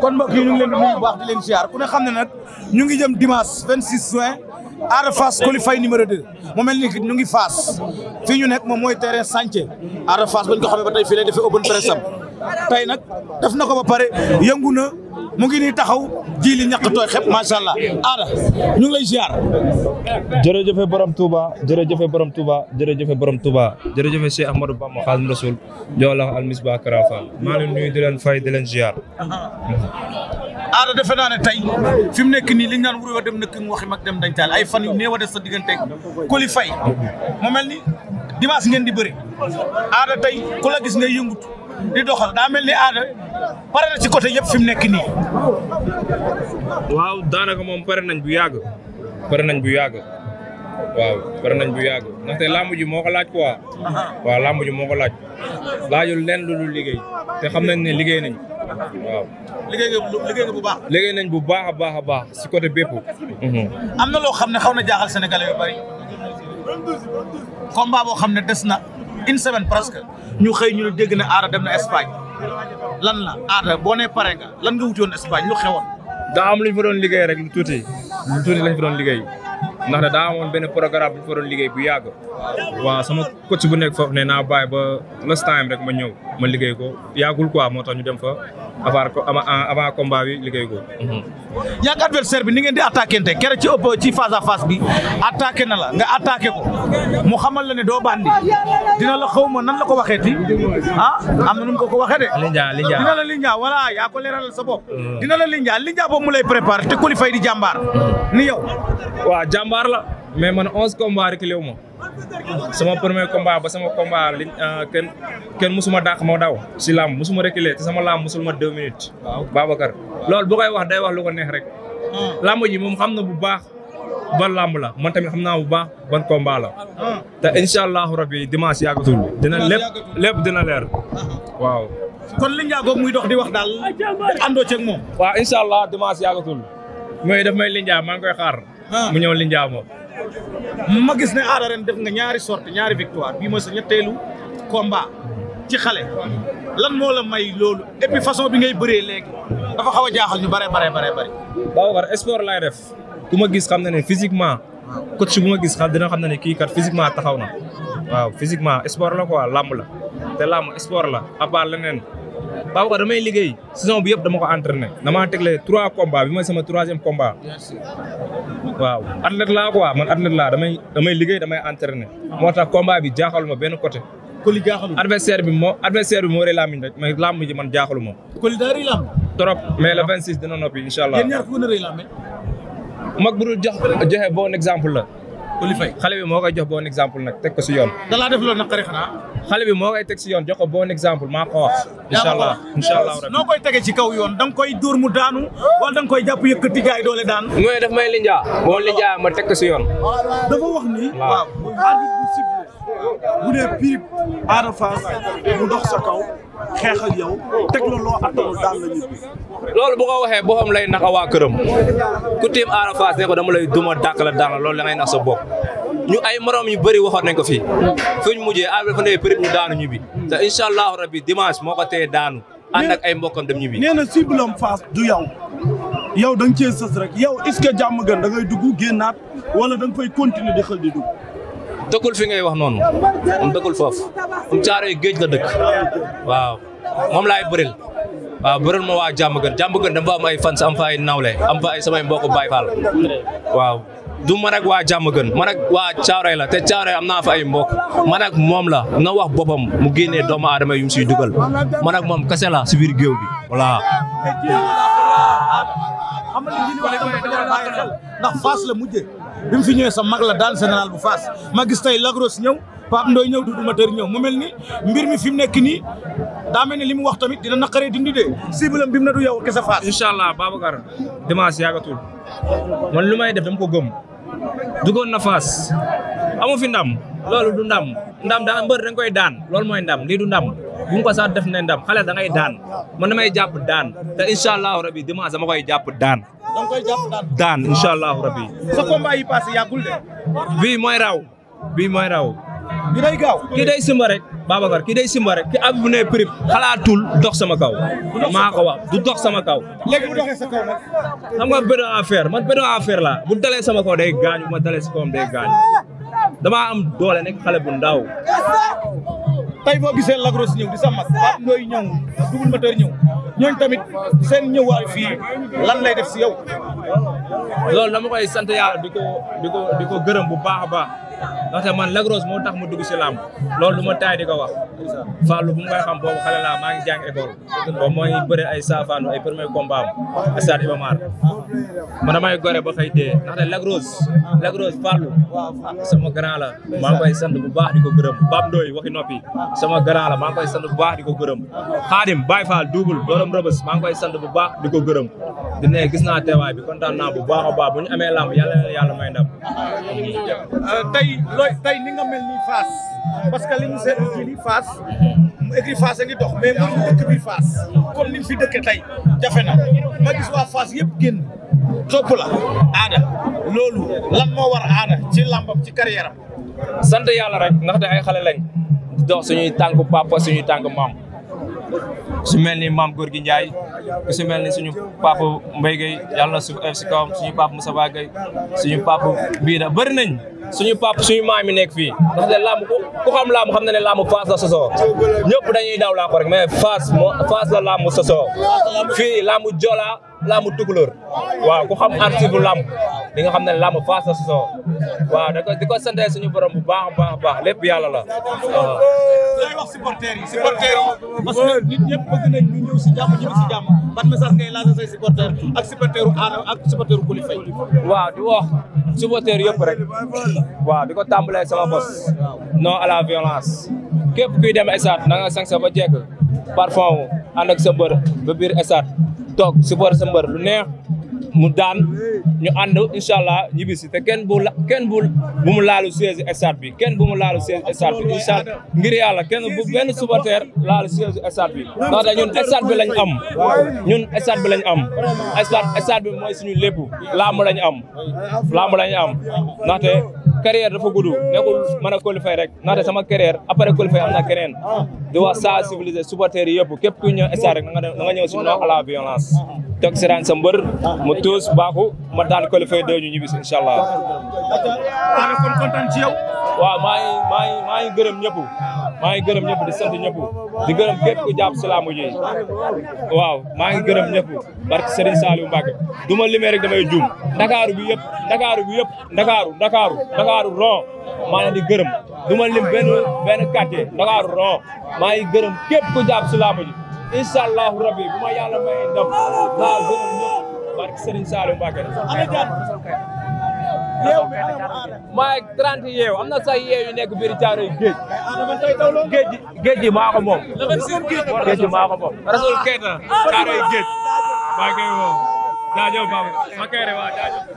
kon mbokk yi ñu ngi leen di nuyu bu baax di leen ziar ku ne xam ne nag ñu ngi jëm dimanche 26 juin Ada Fass qualifié numéro 2 mu mel ni ñu ngi Fass fii ñu nekk moom mooy terrain Santhie Ada Fass ba ñu ko xamee ba tey fii lay defee open press am tey nag def na ko ba pare yëngu na mu ngi nii taxaw ji li ñàkk tooy xep macha allah aada ñu ngi lay ziar. jërëjëfe borom Touba jërëjëfe borom Touba jërëjëfe borom Touba jërëjëfe Cheikh Ahmadou Bamba Xaadimu Rasuul joola almisba karafa maa leen nuyu di leen fay di leen ziar. aada defe naa ne tey fi mu nekk nii li ñu naan wuroo dem nekk mu waxi mag dem dañ taal ay fan yu néew sa digganteeg Coly Faye mel ni dimanche ngeen di bëri aada tey ku gis ngay yëngutu di doxal daa mel ni aada pare na ci côté yëpp fi mu nekk nii. waaw daanaka moom pare nañ bu yàgg pare nañ bu yàgg waaw pare nañ bu yàgg ndaxte làmb ji moo ko laaj quoi. waaw làmb ji moo ko laaj laajul leen lu dul liggéey te xam nañ ne liggéey nañ waaw. liggéey nga bu baax. liggéey nañ bu baax a baax a baax si côté bépp. Mhm. am na loo xam ne xaw na jaaxal sénégalais yu bari combat boo xam ne des na. une semaine presque ñu xëy ñu ne dégg na aada dem na Espagne lan la aada boo nee pare nga lan nga wuti woon Espagne lu xewoon. daa am lu fa doon liggéey rek lu tuuti lu tuuti lañ fa doon liggéey nax da daa amoon benn programme bu ñu fa doon liggéey bu yàgg waaw sama coach bu nekk foofu ne naa bàyyi ba last time rek ma ñëw. ma liggéey ko yàggul quoi moo tax ñu dem fa avant avant combat bi liggéey ko. Mhm. yàgg adversaire bi ni ngeen di attaqué te kere ci ëpp ci face à face bi attaqué na la nga attaqué ko mu xamal la ne doo bandi dina la xaw ma nan la ko waxee ti ah am na nu ko ko waxee de. linja linja dina la linja voilà yaa ko leeralal sa bopp. Mhm. dina la linja linja boobu mu lay préparé te Coly Faye di jàmbaar. Mhm. ni waa waaw jàmbaar la mais man onze combats rek léew ma. sama premier combat ba sama combat euh, kenn kenn musuma dàq ma daw si làmb musuma reculer te sama làmb musul ma deux minutes. waaw Babacar loolu bu wax day wax lu ko neex rek. Hmm. làmb ji moom xam na bu baax ban làmb la man tamit xam naa bu baax ban combat la. Hmm. te incha allahu rabi dimanche yàggatul. dina lépp lépp dina leer uh-huh. waaw. kon li Ndiago muy dox di wax daal àndoo ceeg moom. waaw incha allah dimanche yàggatul. mooy daf may Lindia maa ngi koy xaar. Hmm. mu ñëw Lindia moom. mu ma gis ne Ada def nga ñaari sorte ñaari victoire bii mooy sa ñetteelu combat ci xale lan moo la may loolu et façon bi ngay bëree léegi dafa xaw a jaaxal ñu bare bare bare bare Babacar sport def ku ma gis xam na ne physiquement coach bu ma gis xam dina xam na ne kii kat physiquement taxaw na waaw physiquement sport la quoi làmb la te làmb sport la à leneen Babacar damay liggéey saison bi yëpp dama ko entraîné dama tegle trois combats bi ma sama troisième komba waaw athlète laa quoi man athlète laa damay damay liggéey damay entraîné. moo tax combat bi jaaxalu ma benn côté. Coly jaaxalu adversaire bi moo adversaire bi moo rey làmb ji man jaaxalu ma. Coly daa rey làmb. trop mais le 26 dina noppi incha allah. yéen ñaar ku a rey làmb mag bu dul jox bon exemple la. Coly Faye xale bi moo koy jox bon exemple nag teg ko si yoon. da laa def loolu naqari xanaa. xale bi moo koy teg si yoon jox ko bon exemple maa ko wax. incha allah incha allah noo koy tege ci kaw yoon da koy dóor mu daanu wala da nga koy jàpp yëkkati gaay doole daan. mooy daf may linjaa boo linjaa ma teg ko si yoon. dafa wax ni. waaw bu dee prix. Ada Fass mu dox sa kaw. xeex ak yow teg la loo attanul daan la ñibbi. loolu bu ko waxee boppam lay naxa waa këram ku tiim Ada Fass ne ko dama lay duma dàq la daan la loolu da nax sa bopp ñu ay morom yu bëri waxoon nañ ko fii fuñ mujjee Ada dafa ne périm ñu daanu ñibbi te incha allahu rabbi dimanche moo ko tee daanu ànd ak ay mbokkam dem ñibbi. nee na ciblem Fass du yow yow da nga cee sës rek yow est ce que jàmm gën da ngay dugg génnaat wala da nga fay continuer di xel di dugg. dëkkul fi ngay wax noonu moom dëkkul foofu moom caaro yi géej la dëkk waaw moom laay bëril waaw bëril ma waa jàmm gën jàmm gën dama fa am ay fans am fa ay nawle am fa samay mbokk Baay Faal waaw du man waa jàmm gën man waa caaroy la te caaroy am naa fa ay mbokk man moom la nga wax boppam mu génnee doomu aadama yu mu dugal man moom kese la si biir géew bi voilà ndax faas la mujjee bi mu fi ñëwee sa mag la daan général bu faas ma gis tey Lagros ñëw Pape Ndoye ñëw Doudou Mateur ñëw mu mel ni mbir mi fi mu nekk nii daa mel ni li mu wax tamit dina naqaree dindi de sibilam bi mu ne du yow kese Fass. incha allah Babacar dimanche yàggatul man lu may def dama ko gëm duggoon na Fass amu fi ndam loolu du ndam ndam daa mbër da koy daan loolu mooy ndam lii du ndam bu ko sax def ne ndam xale da ngay daan man damay jàpp daan te incha allah rabi dimanche koy jàpp daan. danga koy jàpp daan. daan incha allahu rabi. sa combat yi passé yàggul de. bii mooy raw. bii mooy raw. bi day gaaw ki day simba rek. Babacar ki ki ab bu ne prib xalaatul dox sama kaw. maa ko du dox sama kaw. léegi bu doxee sa kaw nag. xam nga benn affaire man benn affaire laa bu dalee sama kaw day gaañu ma dalee si kawam day gaañu am doole nekk xale bu ndaw. tey boo gisee Lac Rose ñëw di sa mag Pape Ndoye ñëw Double Moteur ñëw ñooñ tamit seen ñëwaay fii lan lay def si yow. loolu dama koy sant yàlla di ko di ko di ko gërëm bu baax a baax. ndaxte man Lac Rose moo tax ma dugg si làmb loolu du ma taay di ko wax Fallou bu ngay xam boobu xale laa maa ngi jàng école mooy bëre ay saa Fallou ay premier combat am stade Iba Mar man damay gore ba xëy dee ndaxte Lac Rose Lac Rose sama grand la maa ngi koy sant bu baax di ko gërëm Bab Ndoy waxi noppi sama grand la maa ngi koy sant bu baax di ko gërëm Xaadim Baye Fall double doorom rëbës maa ngi koy sant bu baax di ko gërëm di ne gis naa teewaay bi kontaan naa bu baax a baax bu ñu amee làmb yàlla yàlla may ndam. Euh, tey looy tey ni nga mel nii Fass parce que li ñu seetlu ci a ngi dox mais mënuñu dëkk bi Fass ni fi dëkk tey jafe na ma gis waa Fass yëpp génn topp la aada loolu lan moo war aada ci làmbam ci carrière sant yàlla rek ndax de ay xale lañ dox suñuy tànk papa suñuy tànk maam. su mel ni maam góor gi Ndiaye ku su mel ni suñu papa Mbaye Gueye yàlla na suuf suñu papa musa Ba Gueye suñu papa Bida bëri nañ suñu papa suñu maam yi nekk fii ndax de làmb ku ku xam làmb xam na ne làmb Fass la sosoo ñëpp dañuy daw laa ko rek mais Fass la làmb sosoo fii làmb Jola làmb Tukulóor waaw ku xam article làmb di nga xam ne làmb faas na sosoo waaw da ko di ko sante suñu borom bu baax baax baax lépp yàlla la waaw. looy wax supporters yi supporters yi si jàmm ñibbi ak supporteru Ada ak supporteru Coly Faye. waaw di wax supporters yëpp rek waaw di ko tàmbalee sama bos no à la violence képp kuy dem stade na nga sànq sa ba jekk parfum ànd ak sa mbër ba biir stade toog supporter sa lu neex. mu daan ñu ànd incha allah ñibbi te kenn bu la kenn bu bu mu laalu siège stade bi kenn bu mu laalu siège e bi incha allah ngir yàlla kenn bu benn supporter laalu siège stade bi ndaxte ñun stade bi lañ am ñun stade bi lañ am stade stade bi mooy suñu lépp làmb lañ am làmb lañ am ndaxte carrière dafa gudd nekkul mën a qualifier rek ndaxte sama carrière après qualifier am na keneen di wax saa civilisé supporters yëpp képp ku ñëw stade rek na nga ñëw la violence toog si sa mbër mu tuus baaxu ma daan qualifier deux ñu ñibbi si incha allah. gërëm ñëpp maa ngi gërëm ñëpp di sant ñëpp. di gërëm képp ku jàpp si waaw maa ngi gërëm ñëpp barke Serigne Saliou Mbacke du ma limee rek damay ndakaaru bi yëpp ndakaaru bi yëpp ndakaaru ndakaaru ndakaaru ron maa leen di gërëm du ma benn benn ndakaaru ron maa ngi gërëm képp ku jàpp si làmb allahu rabbi bu ma yàlla may ndam maa gërëm ñëpp barke Serigne Saliou Mbacke yeew maa ngi yeew am na sax yeew yu nekk biir Thiaroye Géej géej gi géej gi maa ko moom. maa ko moom. Rasoul Keita. Daaray maa ngi